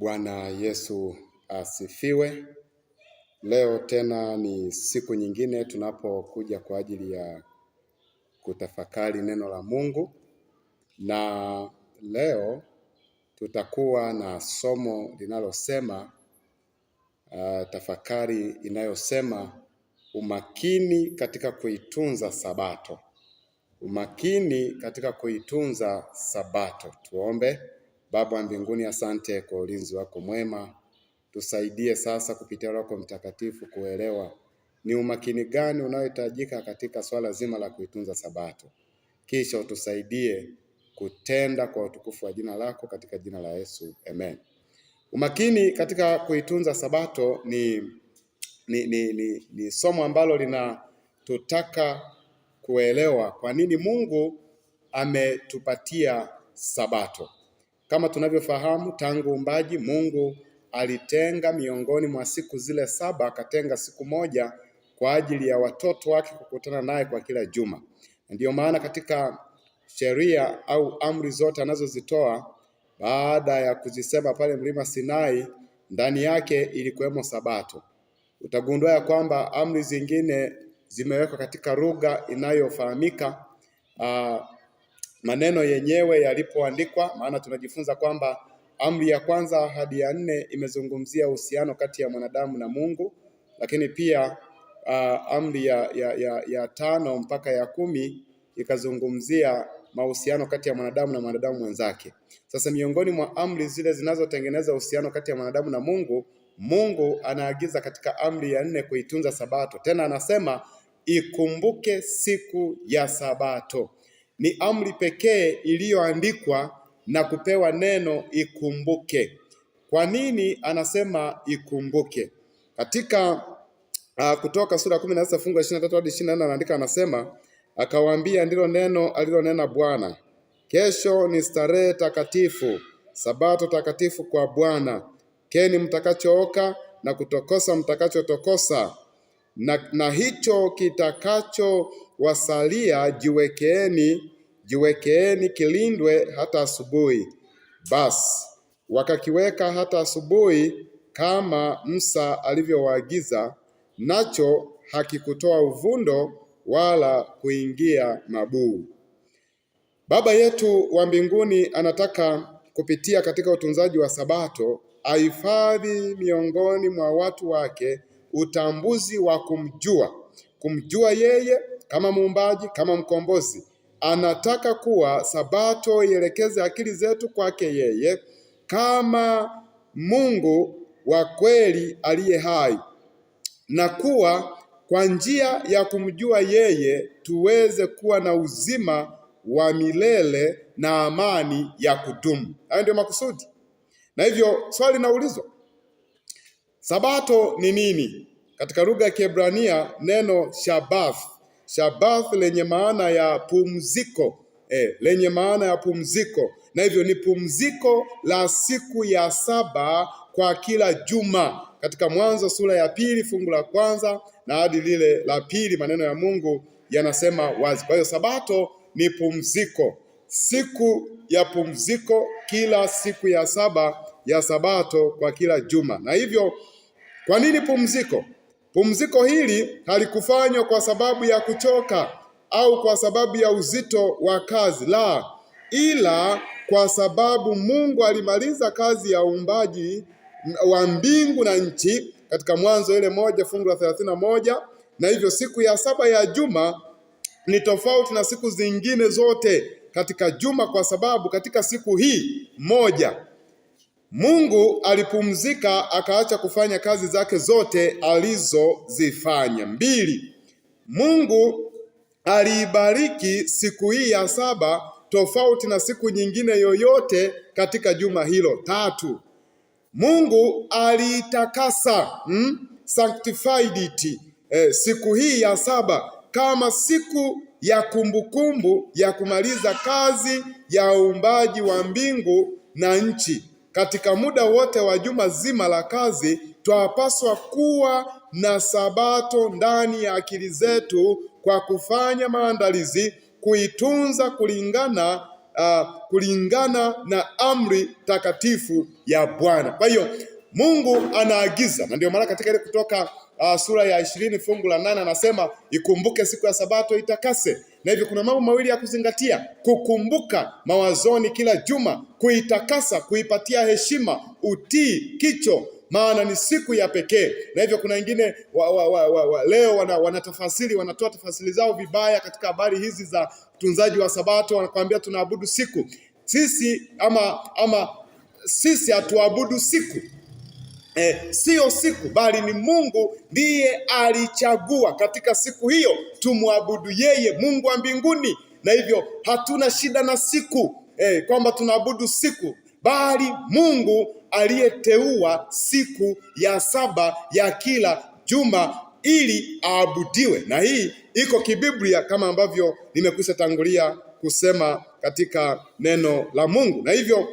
Bwana Yesu asifiwe. Leo tena ni siku nyingine tunapokuja kwa ajili ya kutafakari neno la Mungu, na leo tutakuwa na somo linalosema uh, tafakari inayosema umakini katika kuitunza Sabato, umakini katika kuitunza Sabato. Tuombe. Baba wa mbinguni, asante kwa ulinzi wako mwema. Tusaidie sasa kupitia Roho Mtakatifu kuelewa ni umakini gani unaohitajika katika swala zima la kuitunza Sabato, kisha utusaidie kutenda kwa utukufu wa jina lako, katika jina la Yesu, amen. Umakini katika kuitunza Sabato ni, ni, ni, ni, ni somo ambalo linatutaka kuelewa kwa nini Mungu ametupatia Sabato. Kama tunavyofahamu tangu umbaji Mungu alitenga miongoni mwa siku zile saba, akatenga siku moja kwa ajili ya watoto wake kukutana naye kwa kila juma. Ndiyo maana katika sheria au amri zote anazozitoa baada ya kuzisema pale mlima Sinai, ndani yake ilikuwemo Sabato. Utagundua ya kwamba amri zingine zimewekwa katika lugha inayofahamika uh, maneno yenyewe yalipoandikwa, maana tunajifunza kwamba amri ya kwanza hadi ya nne imezungumzia uhusiano kati ya mwanadamu na Mungu, lakini pia uh, amri ya, ya, ya, ya tano mpaka ya kumi ikazungumzia mahusiano kati ya mwanadamu na mwanadamu mwenzake. Sasa miongoni mwa amri zile zinazotengeneza uhusiano kati ya mwanadamu na Mungu, Mungu anaagiza katika amri ya nne kuitunza Sabato. Tena anasema ikumbuke siku ya Sabato ni amri pekee iliyoandikwa na kupewa neno ikumbuke. Kwa nini anasema ikumbuke? Katika uh, Kutoka sura kumi na sita fungu la ishirini na tatu hadi ishirini na nne anaandika anasema, akawaambia ndilo neno alilonena Bwana, kesho ni starehe takatifu, sabato takatifu kwa Bwana. Keni mtakachooka na kutokosa mtakachotokosa na, na hicho kitakacho wasalia, jiwekeeni jiwekeeni kilindwe hata asubuhi. Basi wakakiweka hata asubuhi, kama Musa alivyowaagiza, nacho hakikutoa uvundo wala kuingia mabuu. Baba yetu wa mbinguni anataka kupitia katika utunzaji wa Sabato ahifadhi miongoni mwa watu wake utambuzi wa kumjua kumjua yeye kama muumbaji, kama mkombozi. Anataka kuwa Sabato ielekeze akili zetu kwake yeye kama Mungu wa kweli aliye hai, na kuwa kwa njia ya kumjua yeye tuweze kuwa na uzima wa milele na amani ya kudumu. Hayo ndio makusudi, na hivyo swali linaulizwa, Sabato ni nini? Katika lugha ya Kiebrania neno shabath Shabath lenye maana ya pumziko e, lenye maana ya pumziko, na hivyo ni pumziko la siku ya saba kwa kila juma. Katika Mwanzo sura ya pili fungu la kwanza na hadi lile la pili, maneno ya Mungu yanasema wazi. Kwa hiyo sabato ni pumziko, siku ya pumziko, kila siku ya saba ya sabato kwa kila juma. Na hivyo kwa nini pumziko? Pumziko hili halikufanywa kwa sababu ya kuchoka au kwa sababu ya uzito wa kazi, la, ila kwa sababu Mungu alimaliza kazi ya uumbaji wa mbingu na nchi katika Mwanzo ile moja fungu la thelathini na moja na hivyo siku ya saba ya juma ni tofauti na siku zingine zote katika juma, kwa sababu katika siku hii moja Mungu alipumzika akaacha kufanya kazi zake zote alizozifanya. Mbili, Mungu aliibariki siku hii ya saba tofauti na siku nyingine yoyote katika juma hilo. Tatu, Mungu aliitakasa hmm, sanctified it eh, siku hii ya saba kama siku ya kumbukumbu ya kumaliza kazi ya uumbaji wa mbingu na nchi. Katika muda wote wa juma zima la kazi, twapaswa kuwa na Sabato ndani ya akili zetu kwa kufanya maandalizi, kuitunza kulingana uh, kulingana na amri takatifu ya Bwana. Kwa hiyo Mungu anaagiza, na ndio maana katika ile Kutoka uh, sura ya ishirini fungu la nane anasema ikumbuke siku ya Sabato itakase. Na hivyo kuna mambo mawili ya kuzingatia: kukumbuka mawazoni kila juma, kuitakasa, kuipatia heshima, utii, kicho maana ni siku ya pekee. Na hivyo kuna wengine wa, wa, wa, wa, wa, leo wana, wanatoa tafasiri zao vibaya katika habari hizi za utunzaji wa Sabato, wanakuambia tunaabudu siku. Sisi ama ama sisi hatuabudu siku Eh, siyo siku bali ni Mungu ndiye alichagua katika siku hiyo tumwabudu yeye, Mungu wa mbinguni, na hivyo hatuna shida na siku eh, kwamba tunaabudu siku, bali Mungu aliyeteua siku ya saba ya kila juma ili aabudiwe, na hii iko kibiblia kama ambavyo nimekwisha tangulia kusema katika neno la Mungu, na hivyo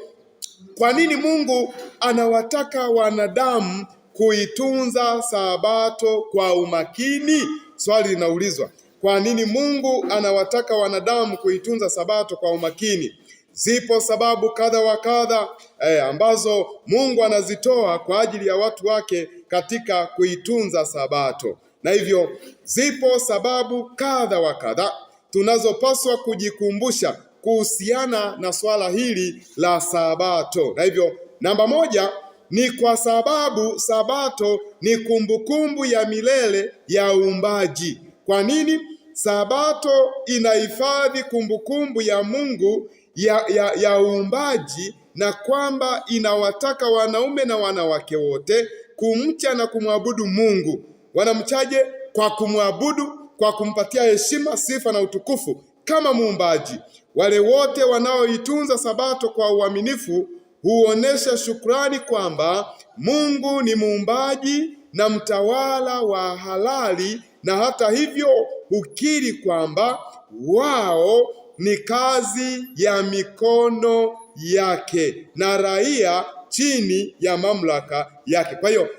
kwa nini Mungu anawataka wanadamu kuitunza sabato kwa umakini? Swali linaulizwa. Kwa nini Mungu anawataka wanadamu kuitunza sabato kwa umakini? Zipo sababu kadha wa kadha eh, ambazo Mungu anazitoa kwa ajili ya watu wake katika kuitunza sabato, na hivyo zipo sababu kadha wa kadha tunazopaswa kujikumbusha kuhusiana na swala hili la Sabato. Na hivyo namba moja ni kwa sababu Sabato ni kumbukumbu ya milele ya uumbaji. Kwa nini? Sabato inahifadhi kumbukumbu ya Mungu ya uumbaji ya, uumbaji na kwamba inawataka wanaume na wanawake wote kumcha na kumwabudu Mungu. Wanamchaje? Kwa kumwabudu, kwa kumpatia heshima, sifa na utukufu kama muumbaji. Wale wote wanaoitunza sabato kwa uaminifu huonesha shukrani kwamba Mungu ni muumbaji na mtawala wa halali, na hata hivyo hukiri kwamba wao ni kazi ya mikono yake na raia chini ya mamlaka yake. Kwa hiyo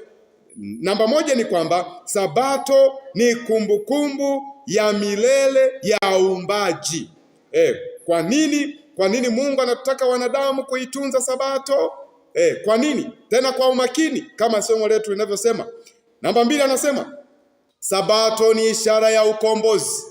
namba moja ni kwamba sabato ni kumbukumbu ya milele ya uumbaji eh. Kwa nini? Kwa nini Mungu anataka wanadamu kuitunza Sabato? E, kwa nini tena? Kwa umakini kama somo letu linavyosema. Namba mbili, anasema Sabato ni ishara ya ukombozi,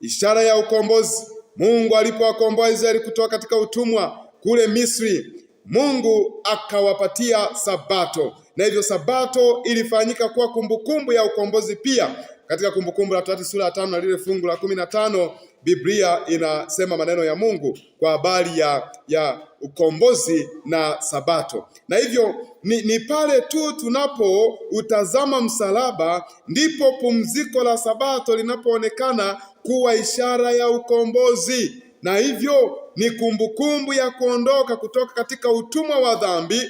ishara ya ukombozi. Mungu alipowakomboa Israeli kutoka katika utumwa kule Misri, Mungu akawapatia Sabato, na hivyo Sabato ilifanyika kuwa kumbukumbu ya ukombozi pia katika Kumbukumbu la Torati sura ya tano na lile fungu la kumi na tano Biblia inasema maneno ya Mungu kwa habari ya, ya ukombozi na Sabato. Na hivyo ni, ni pale tu tunapoutazama msalaba ndipo pumziko la Sabato linapoonekana kuwa ishara ya ukombozi, na hivyo ni kumbukumbu ya kuondoka kutoka katika utumwa wa dhambi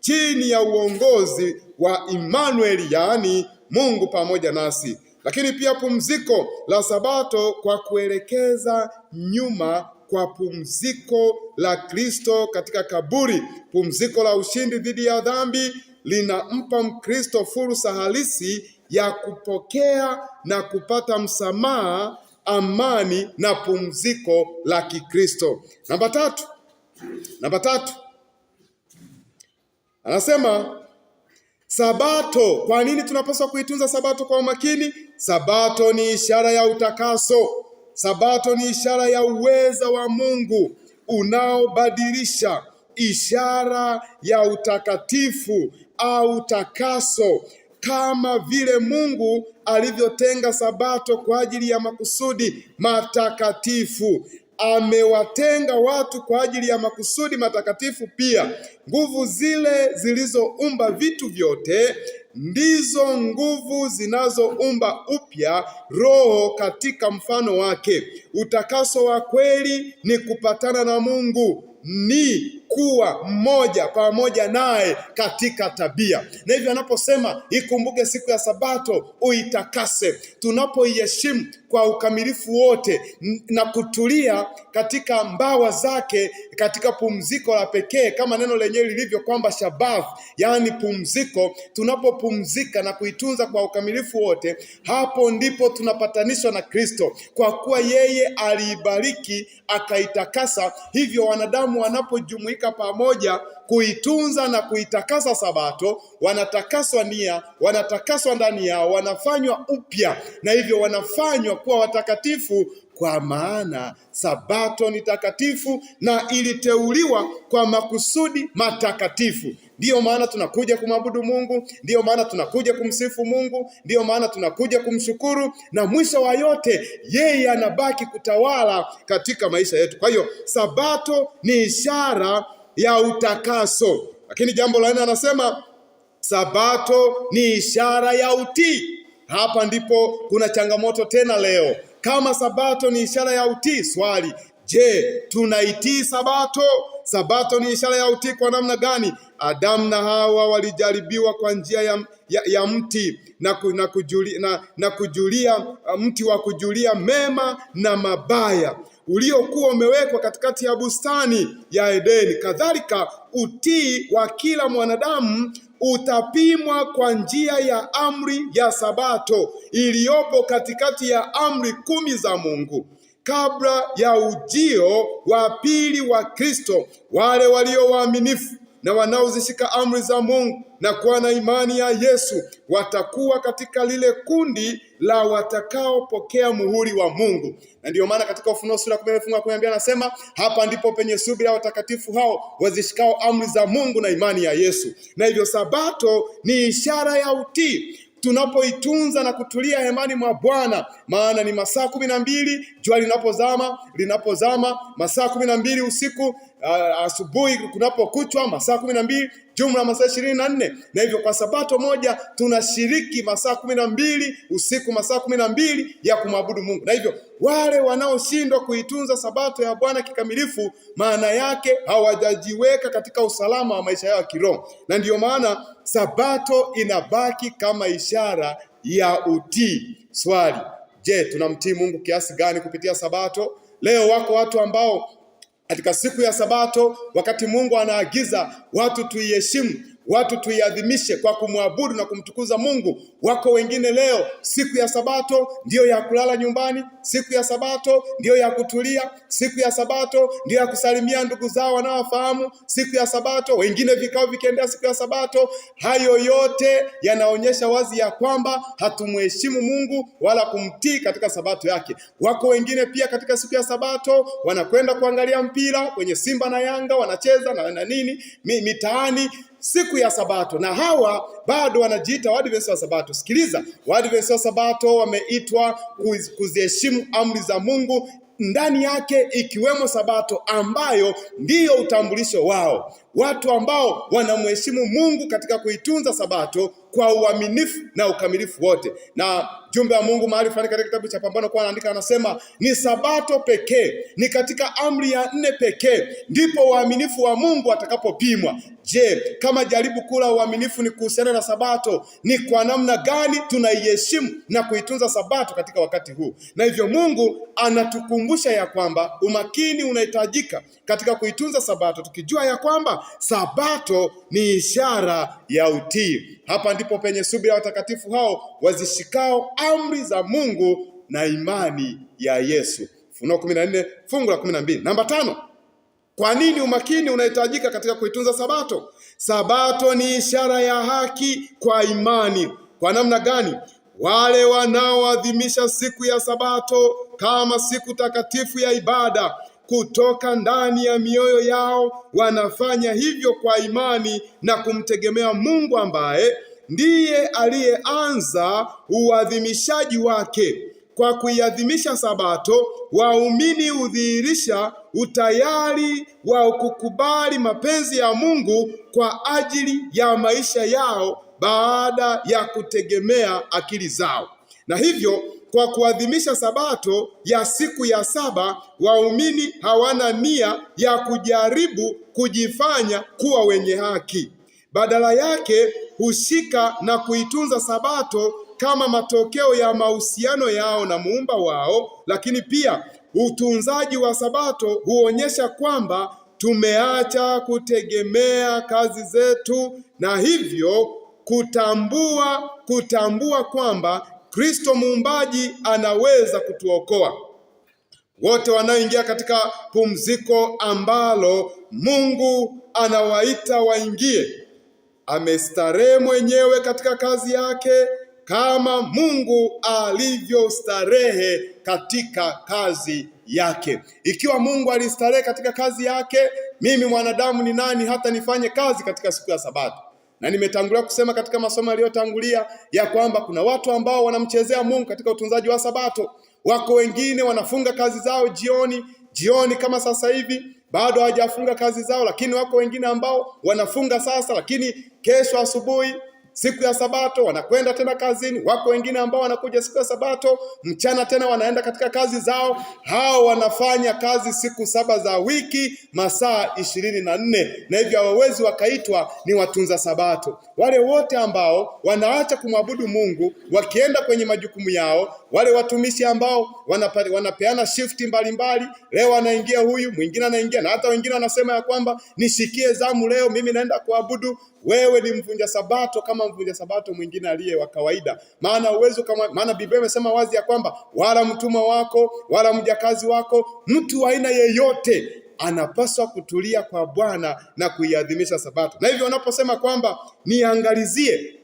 chini ya uongozi wa Immanuel, yaani Mungu pamoja nasi lakini pia pumziko la Sabato kwa kuelekeza nyuma kwa pumziko la Kristo katika kaburi. Pumziko la ushindi dhidi ya dhambi linampa Mkristo fursa halisi ya kupokea na kupata msamaha, amani na pumziko la Kikristo. Namba tatu, namba tatu anasema Sabato. Kwa nini tunapaswa kuitunza sabato kwa umakini? Sabato ni ishara ya utakaso. Sabato ni ishara ya uweza wa Mungu unaobadilisha, ishara ya utakatifu au takaso, kama vile Mungu alivyotenga sabato kwa ajili ya makusudi matakatifu amewatenga watu kwa ajili ya makusudi matakatifu pia. Nguvu zile zilizoumba vitu vyote ndizo nguvu zinazoumba upya roho katika mfano wake. Utakaso wa kweli ni kupatana na Mungu, ni kuwa mmoja pamoja naye katika tabia. Na hivyo anaposema ikumbuke siku ya Sabato uitakase, tunapoiheshimu kwa ukamilifu wote na kutulia katika mbawa zake katika pumziko la pekee, kama neno lenyewe lilivyo kwamba Shabath, yaani pumziko. Tunapopumzika na kuitunza kwa ukamilifu wote, hapo ndipo tunapatanishwa na Kristo, kwa kuwa yeye aliibariki akaitakasa. Hivyo wanadamu wanapojumuika wanakusanyika pamoja kuitunza na kuitakasa Sabato, wanatakaswa nia, wanatakaswa ndani yao, wanafanywa upya na hivyo wanafanywa kuwa watakatifu kwa maana sabato ni takatifu na iliteuliwa kwa makusudi matakatifu. Ndiyo maana tunakuja kumwabudu Mungu, ndiyo maana tunakuja kumsifu Mungu, ndiyo maana tunakuja kumshukuru, na mwisho wa yote yeye anabaki kutawala katika maisha yetu. Kwa hiyo sabato ni ishara ya utakaso, lakini jambo la nne anasema sabato ni ishara ya utii. Hapa ndipo kuna changamoto tena leo. Kama sabato ni ishara ya utii, swali, je, tunaitii sabato? Sabato ni ishara ya utii kwa namna gani? Adamu na Hawa walijaribiwa kwa njia ya, ya, ya mti na, ku, na, kujuli, na, na kujulia uh, mti wa kujulia mema na mabaya uliokuwa umewekwa katikati ya bustani ya Edeni. Kadhalika utii wa kila mwanadamu utapimwa kwa njia ya amri ya Sabato iliyopo katikati ya amri kumi za Mungu kabla ya ujio wa pili wa Kristo. Wale walio waaminifu na wanaozishika amri za Mungu na kuwa na imani ya Yesu watakuwa katika lile kundi la watakaopokea muhuri wa Mungu. Na ndio maana katika Ufunuo sura kumi fungu la kumi anasema hapa ndipo penye subira watakatifu hao wazishikao amri za Mungu na imani ya Yesu. Na hivyo Sabato ni ishara ya utii tunapoitunza na kutulia hemani mwa Bwana, maana ni masaa kumi na mbili jua linapozama linapozama, masaa kumi na mbili usiku, asubuhi kunapokuchwa, masaa kumi na mbili jumla masaa ishirini na nne na hivyo kwa sabato moja tunashiriki masaa kumi na mbili usiku masaa kumi na mbili ya kumwabudu Mungu. Na hivyo wale wanaoshindwa kuitunza sabato ya Bwana kikamilifu, maana yake hawajajiweka katika usalama wa maisha yao ya kiroho, na ndiyo maana sabato inabaki kama ishara ya utii. Swali: Je, tunamtii Mungu kiasi gani kupitia sabato? Leo wako watu ambao katika siku ya Sabato, wakati Mungu anaagiza watu tuiheshimu watu tuiadhimishe kwa kumwabudu na kumtukuza Mungu. Wako wengine leo, siku ya Sabato ndiyo ya kulala nyumbani, siku ya Sabato ndiyo ya kutulia, siku ya Sabato ndiyo ya kusalimia ndugu zao wanaowafahamu, siku ya Sabato wengine vikao vikiendea siku ya Sabato. Hayo yote yanaonyesha wazi ya kwamba hatumheshimu Mungu wala kumtii katika Sabato yake. Wako wengine pia katika siku ya Sabato wanakwenda kuangalia mpira kwenye Simba na Yanga wanacheza na, na nini mitaani siku ya Sabato, na hawa bado wanajiita Waadventista wa Sabato. Sikiliza, Waadventista wa Sabato wameitwa kuziheshimu amri za Mungu ndani yake ikiwemo Sabato ambayo ndiyo utambulisho wao. Watu ambao wanamheshimu Mungu katika kuitunza Sabato kwa uaminifu na ukamilifu wote, na jumbe wa Mungu mahali fulani katika kitabu cha Pambano kwa anaandika, anasema ni sabato pekee, ni katika amri ya nne pekee ndipo waaminifu wa Mungu atakapopimwa. Je, kama jaribu kuu la uaminifu ni kuhusiana na sabato, ni kwa namna gani tunaiheshimu na kuitunza sabato katika wakati huu? Na hivyo Mungu anatukumbusha ya kwamba umakini unahitajika katika kuitunza sabato, tukijua ya kwamba sabato ni ishara ya utii. Hapa ndipo penye subira watakatifu hao wazishikao amri za Mungu na imani ya Yesu. Ufunuo 14 fungu la 12. Namba tano, kwa nini umakini unahitajika katika kuitunza Sabato? Sabato ni ishara ya haki kwa imani. Kwa namna gani? Wale wanaoadhimisha siku ya Sabato kama siku takatifu ya ibada kutoka ndani ya mioyo yao wanafanya hivyo kwa imani na kumtegemea Mungu ambaye ndiye aliyeanza uadhimishaji wake. Kwa kuiadhimisha Sabato, waumini hudhihirisha utayari wa kukubali mapenzi ya Mungu kwa ajili ya maisha yao baada ya kutegemea akili zao. Na hivyo kwa kuadhimisha Sabato ya siku ya saba, waumini hawana nia ya kujaribu kujifanya kuwa wenye haki badala yake husika na kuitunza Sabato kama matokeo ya mahusiano yao na muumba wao. Lakini pia utunzaji wa Sabato huonyesha kwamba tumeacha kutegemea kazi zetu na hivyo kutambua kutambua kwamba Kristo muumbaji anaweza kutuokoa wote wanaoingia katika pumziko ambalo Mungu anawaita waingie amestarehe mwenyewe katika kazi yake kama Mungu alivyostarehe katika kazi yake. Ikiwa Mungu alistarehe katika kazi yake, mimi mwanadamu ni nani hata nifanye kazi katika siku ya Sabato? Na nimetangulia kusema katika masomo yaliyotangulia ya kwamba kuna watu ambao wanamchezea Mungu katika utunzaji wa Sabato. Wako wengine wanafunga kazi zao jioni, jioni kama sasa hivi bado hawajafunga kazi zao, lakini wako wengine ambao wanafunga sasa, lakini kesho asubuhi siku ya Sabato wanakwenda tena kazini. Wako wengine ambao wanakuja siku ya Sabato mchana tena wanaenda katika kazi zao. Hao wanafanya kazi siku saba za wiki masaa ishirini na nne na hivyo hawawezi wakaitwa ni watunza Sabato. Wale wote ambao wanaacha kumwabudu Mungu wakienda kwenye majukumu yao, wale watumishi ambao wanapare, wanapeana shifti mbalimbali, leo anaingia huyu mwingine anaingia, na hata wengine wanasema ya kwamba nishikie zamu leo, mimi naenda kuabudu. Wewe ni mvunja Sabato kama mvunja sabato mwingine aliye wa kawaida. Maana uwezo kama maana Biblia imesema wazi ya kwamba wala mtumwa wako wala mjakazi wako, mtu wa aina yeyote anapaswa kutulia kwa Bwana na kuiadhimisha sabato. Na hivyo wanaposema kwamba niangalizie,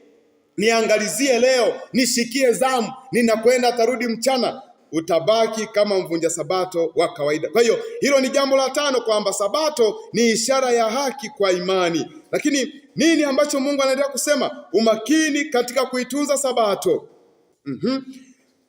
niangalizie leo, nishikie zamu, ninakwenda tarudi mchana utabaki kama mvunja sabato wa kawaida. Kwa hiyo hilo ni jambo la tano, kwamba sabato ni ishara ya haki kwa imani. Lakini nini ambacho Mungu anaendelea kusema? Umakini katika kuitunza Sabato. mm -hmm.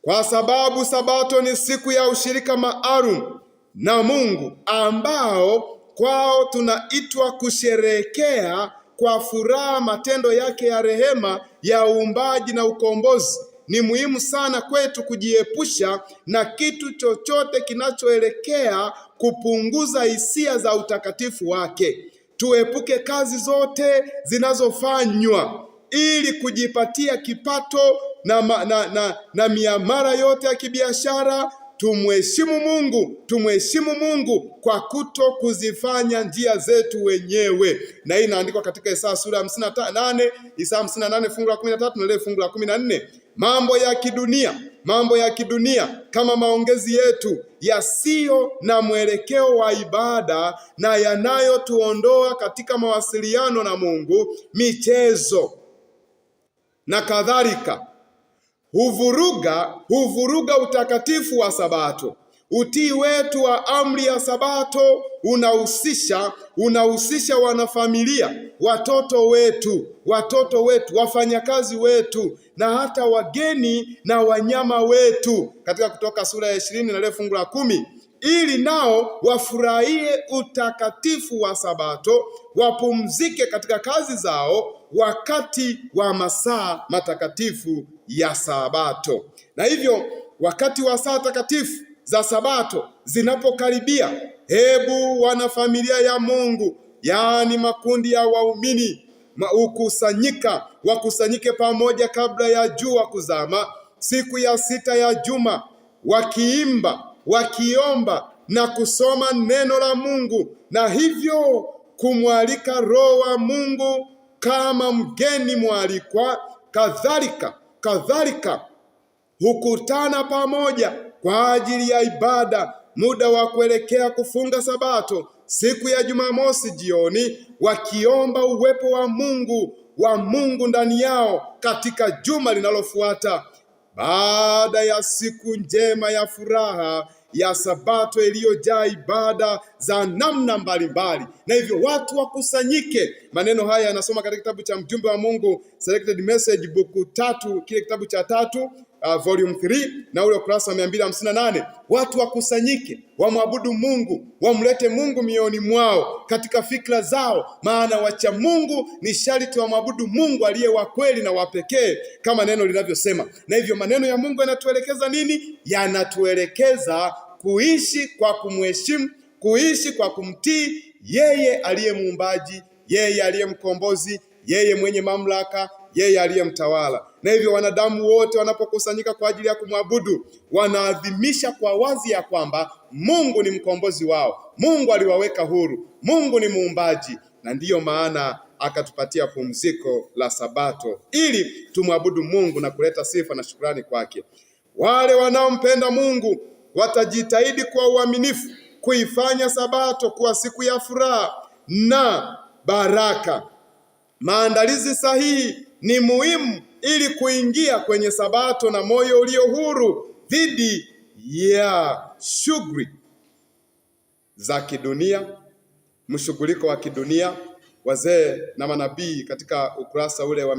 Kwa sababu Sabato ni siku ya ushirika maalum na Mungu ambao kwao tunaitwa kusherehekea kwa furaha matendo yake ya rehema ya uumbaji na ukombozi. Ni muhimu sana kwetu kujiepusha na kitu chochote kinachoelekea kupunguza hisia za utakatifu wake tuepuke kazi zote zinazofanywa ili kujipatia kipato na, na, na, na miamara yote ya kibiashara. Tumheshimu Mungu, tumheshimu Mungu kwa kuto kuzifanya njia zetu wenyewe, na hii inaandikwa katika Isaya sura ya hamsini na nane Isaya hamsini na nane fungu la kumi na tatu na ile fungu la kumi na nne mambo ya kidunia mambo ya kidunia kama maongezi yetu yasiyo na mwelekeo wa ibada na yanayotuondoa katika mawasiliano na Mungu, michezo na kadhalika, huvuruga huvuruga utakatifu wa Sabato. Utii wetu wa amri ya Sabato unahusisha unahusisha wanafamilia, watoto wetu, watoto wetu, wafanyakazi wetu, na hata wageni na wanyama wetu, katika Kutoka sura ya ishirini na lile fungu la kumi ili nao wafurahie utakatifu wa Sabato, wapumzike katika kazi zao wakati wa masaa matakatifu ya Sabato. Na hivyo wakati wa saa takatifu za Sabato zinapokaribia, hebu wanafamilia ya Mungu, yaani makundi ya waumini ukusanyika wakusanyike pamoja kabla ya jua kuzama, siku ya sita ya juma, wakiimba, wakiomba na kusoma neno la Mungu, na hivyo kumwalika Roho wa Mungu kama mgeni mwalikwa. Kadhalika kadhalika hukutana pamoja kwa ajili ya ibada, muda wa kuelekea kufunga Sabato siku ya Jumamosi jioni, wakiomba uwepo wa Mungu wa Mungu ndani yao katika juma linalofuata. Baada ya siku njema ya furaha ya Sabato iliyojaa ibada za namna mbalimbali, na hivyo watu wakusanyike. Maneno haya yanasoma katika kitabu cha mjumbe wa Mungu Selected Message, Book tatu, kile kitabu cha tatu uh, volume 3 na ule ukurasa wa 258, watu wakusanyike, wamwabudu Mungu, wamlete Mungu mioyoni mwao, katika fikra zao, maana wacha Mungu ni sharti wamwabudu Mungu aliye wa kweli na wa pekee kama neno linavyosema. Na hivyo maneno ya Mungu yanatuelekeza nini? Yanatuelekeza kuishi kwa kumheshimu, kuishi kwa kumtii yeye aliye muumbaji, yeye aliye mkombozi, yeye mwenye mamlaka, yeye aliye mtawala na hivyo wanadamu wote wanapokusanyika kwa ajili ya kumwabudu, wanaadhimisha kwa wazi ya kwamba Mungu ni mkombozi wao, Mungu aliwaweka huru, Mungu ni muumbaji, na ndiyo maana akatupatia pumziko la Sabato ili tumwabudu Mungu na kuleta sifa na shukrani kwake. Wale wanaompenda Mungu watajitahidi kwa uaminifu kuifanya Sabato kuwa siku ya furaha na baraka. Maandalizi sahihi ni muhimu ili kuingia kwenye Sabato na moyo ulio huru dhidi ya shughuli za kidunia, mshughuliko wa kidunia. Wazee na Manabii katika ukurasa ule wa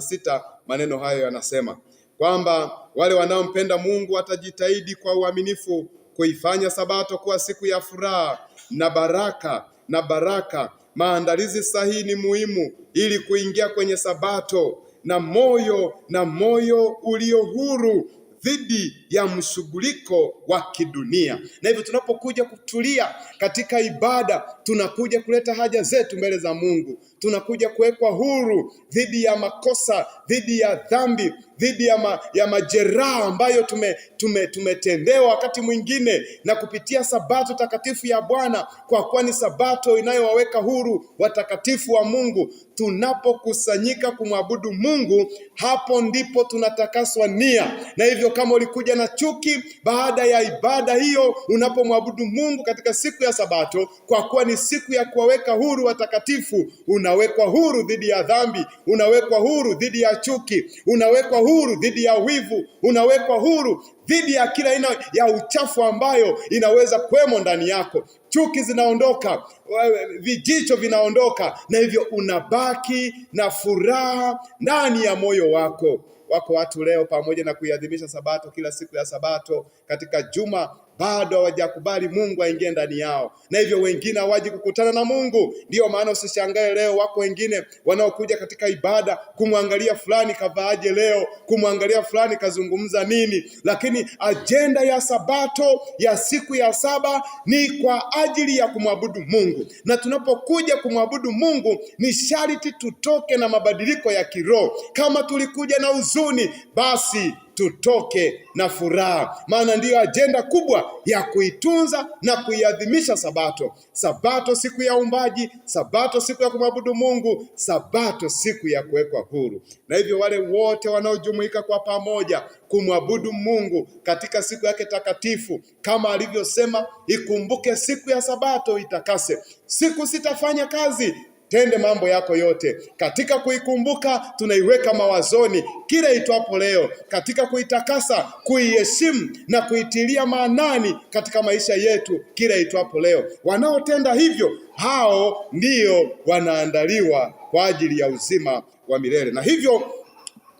sita maneno hayo yanasema kwamba wale wanaompenda Mungu watajitahidi kwa uaminifu kuifanya Sabato kuwa siku ya furaha na baraka na baraka. Maandalizi sahihi ni muhimu ili kuingia kwenye Sabato na moyo na moyo ulio huru dhidi ya mshughuliko wa kidunia. Na hivyo tunapokuja kutulia katika ibada, tunakuja kuleta haja zetu mbele za Mungu, tunakuja kuwekwa huru dhidi ya makosa, dhidi ya dhambi, dhidi ya, ma, ya majeraha ambayo tume, tume, tumetendewa wakati mwingine, na kupitia sabato takatifu ya Bwana, kwa kuwa ni sabato inayowaweka huru watakatifu wa Mungu. Tunapokusanyika kumwabudu Mungu, hapo ndipo tunatakaswa nia, na hivyo kama ulikuja na na chuki baada ya ibada hiyo, unapomwabudu Mungu katika siku ya Sabato, kwa kuwa ni siku ya kuwaweka huru watakatifu. Unawekwa huru dhidi ya dhambi, unawekwa huru dhidi ya chuki, unawekwa huru dhidi ya wivu, unawekwa huru dhidi ya kila aina ya uchafu ambayo inaweza kuwemo ndani yako. Chuki zinaondoka, eh, vijicho vinaondoka, na hivyo unabaki na furaha ndani ya moyo wako. Wako watu leo, pamoja na kuiadhimisha Sabato kila siku ya Sabato katika juma bado hawajakubali Mungu aingie ndani yao, na hivyo wengine hawaji kukutana na Mungu. Ndiyo maana usishangae leo wako wengine wanaokuja katika ibada kumwangalia fulani kavaaje leo, kumwangalia fulani kazungumza nini, lakini ajenda ya Sabato ya siku ya saba ni kwa ajili ya kumwabudu Mungu, na tunapokuja kumwabudu Mungu ni sharti tutoke na mabadiliko ya kiroho. Kama tulikuja na huzuni, basi tutoke na furaha, maana ndiyo ajenda kubwa ya kuitunza na kuiadhimisha Sabato. Sabato siku ya umbaji Sabato siku ya kumwabudu Mungu, Sabato siku ya kuwekwa huru. Na hivyo wale wote wanaojumuika kwa pamoja kumwabudu Mungu katika siku yake takatifu, kama alivyosema, ikumbuke siku ya Sabato itakase, siku sitafanya kazi Tende mambo yako yote katika kuikumbuka, tunaiweka mawazoni kila itwapo leo, katika kuitakasa, kuiheshimu na kuitilia maanani katika maisha yetu kila itwapo leo. Wanaotenda hivyo hao ndio wanaandaliwa kwa ajili ya uzima wa milele. Na hivyo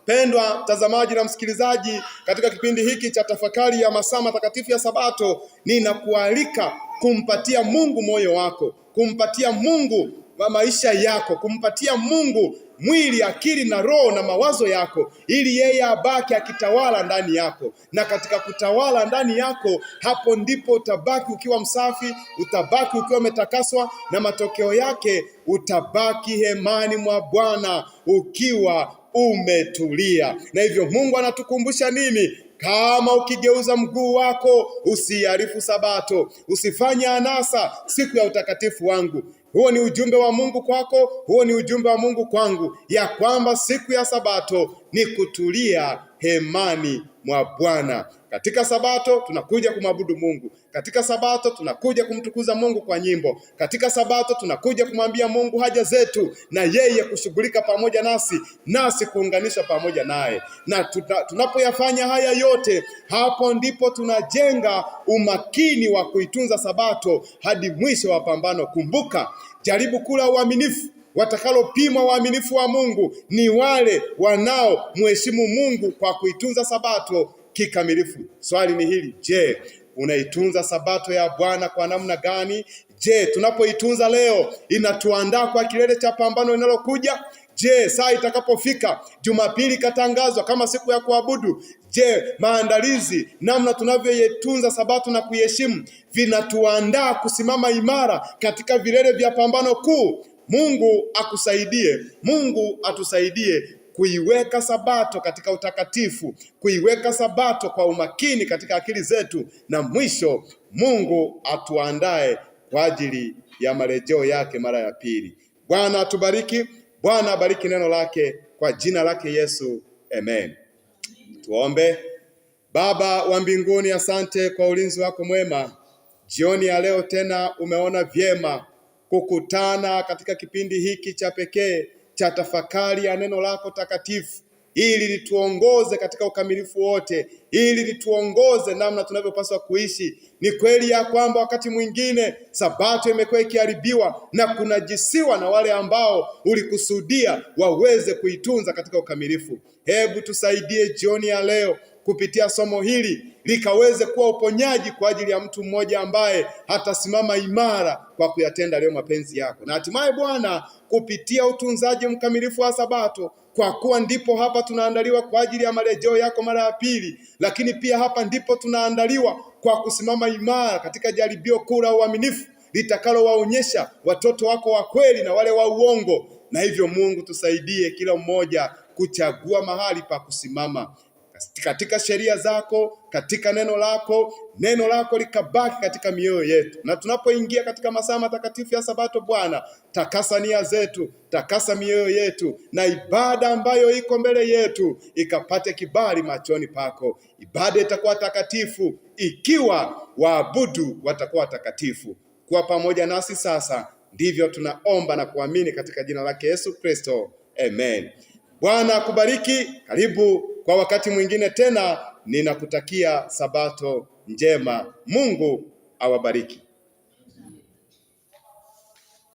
Pendwa mtazamaji na msikilizaji, katika kipindi hiki cha tafakari ya masaa matakatifu ya Sabato, ninakualika kumpatia Mungu moyo wako, kumpatia Mungu wa maisha yako, kumpatia Mungu mwili, akili na roho na mawazo yako, ili yeye abaki akitawala ndani yako. Na katika kutawala ndani yako, hapo ndipo utabaki ukiwa msafi, utabaki ukiwa umetakaswa, na matokeo yake utabaki hemani mwa Bwana ukiwa umetulia. Na hivyo Mungu anatukumbusha nini? Kama ukigeuza mguu wako, usiharifu Sabato, usifanye anasa siku ya utakatifu wangu. Huo ni ujumbe wa Mungu kwako, huo ni ujumbe wa Mungu kwangu, ya kwamba siku ya Sabato ni kutulia hemani mwa Bwana. Katika Sabato tunakuja kumwabudu Mungu. Katika Sabato tunakuja kumtukuza Mungu kwa nyimbo. Katika Sabato tunakuja kumwambia Mungu haja zetu na yeye kushughulika pamoja nasi, nasi kuunganisha pamoja naye. Na tunapoyafanya haya yote, hapo ndipo tunajenga umakini wa kuitunza Sabato hadi mwisho wa pambano. Kumbuka, jaribu kula uaminifu Watakalopimwa waaminifu wa Mungu ni wale wanaomheshimu Mungu kwa kuitunza sabato kikamilifu. Swali ni hili, je, unaitunza sabato ya Bwana kwa namna gani? Je, tunapoitunza leo inatuandaa kwa kilele cha pambano linalokuja? Je, saa itakapofika Jumapili ikatangazwa kama siku ya kuabudu? Je, maandalizi, namna tunavyoitunza sabato na kuiheshimu vinatuandaa kusimama imara katika vilele vya pambano kuu? Mungu akusaidie, Mungu atusaidie kuiweka sabato katika utakatifu, kuiweka sabato kwa umakini katika akili zetu, na mwisho Mungu atuandae kwa ajili ya marejeo yake mara ya pili. Bwana atubariki, Bwana abariki neno lake kwa jina lake Yesu, amen. Tuombe. Baba wa mbinguni, asante kwa ulinzi wako mwema. Jioni ya leo tena umeona vyema kukutana katika kipindi hiki cha pekee cha tafakari ya neno lako takatifu ili lituongoze katika ukamilifu wote, ili lituongoze namna tunavyopaswa kuishi. Ni kweli ya kwamba wakati mwingine sabato imekuwa ikiharibiwa na kunajisiwa na wale ambao ulikusudia waweze kuitunza katika ukamilifu. Hebu tusaidie jioni ya leo kupitia somo hili likaweze kuwa uponyaji kwa ajili ya mtu mmoja ambaye hatasimama imara kwa kuyatenda leo mapenzi yako, na hatimaye Bwana, kupitia utunzaji mkamilifu wa Sabato, kwa kuwa ndipo hapa tunaandaliwa kwa ajili ya marejeo yako mara ya pili, lakini pia hapa ndipo tunaandaliwa kwa kusimama imara katika jaribio kuu la uaminifu litakalowaonyesha watoto wako wa kweli na wale wa uongo. Na hivyo Mungu, tusaidie kila mmoja kuchagua mahali pa kusimama katika sheria zako, katika neno lako, neno lako likabaki katika mioyo yetu. Na tunapoingia katika masaa matakatifu ya Sabato, Bwana, takasa nia zetu, takasa mioyo yetu, na ibada ambayo iko mbele yetu ikapate kibali machoni pako. Ibada itakuwa takatifu ikiwa waabudu watakuwa takatifu. Kuwa pamoja nasi sasa, ndivyo tunaomba na kuamini katika jina lake Yesu Kristo, amen. Bwana akubariki. Karibu kwa wakati mwingine tena, ninakutakia sabato njema. Mungu awabariki.